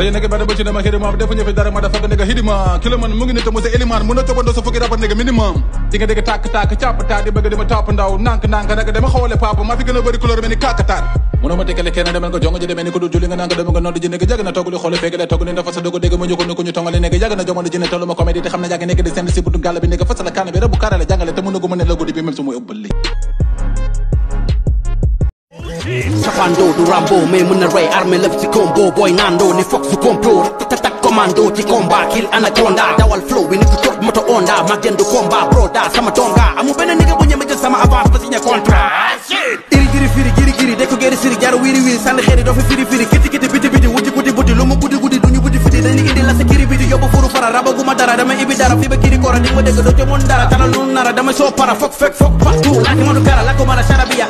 Sai nake bada bacci da ma hidima da funya fi dara ma da faga nega hidima kiloman mungi ne ta musa eliman mun ta mun ma tekele kenn nga jomo jine toluma comedy te xamna jag nega di sen ci buntu galla bi nega fa sa la kan bi rebu karale jangale te mënagu mëne la gudi bi même su moy ubbal li cafando du rambo mais mën na rey armé lëf ci combo booy nando ni ci combat kill anaconda dawal flow bi sama donga amu benn nigga bu ñeme jël sama avance ba signé contrat iri giri firi giri de ko geri siri jaru wiri wiri sànni xeeri doo fi firi firi kiti kiti biti biti wuti guddi lu mu buddi du ñu buddi fiti dañu indi la sa kiri biti yóbbu furu fara rabaguma dara dama ibi dara fi ba kiri koora di ma dégg doo ci dara taral lu nara dama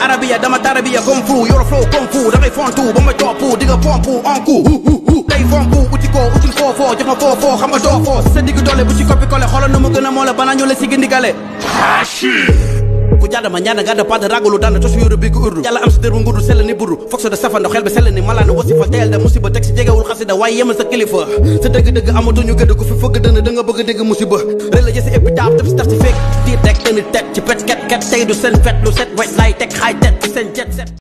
arabiya dama tarabiya kung fu yoro flow kung fontu ba ma toppu di nga pompu en coup day fonku uti ko utul sa digg doole bu ci coppi xoolal nu mu gën a moo la banaa ñoo la si gindigale ku jaadama ñaana gàdda padd ragalu daana tos yóru bi ku urdu yàlla am si dër bu sell ni burdu foog sa da safando xel bi sell ni malaana wasi fa da musiba teg si jegewul xasida waaye yemal sa kilifa sa dëgg-dëgg amatuñu da nga bëgg dégg tiếp đẹp tên nữ tết chỉ bắt cắt cắt tên đồ sân phẹt lô xét white light tech high tech tên jet set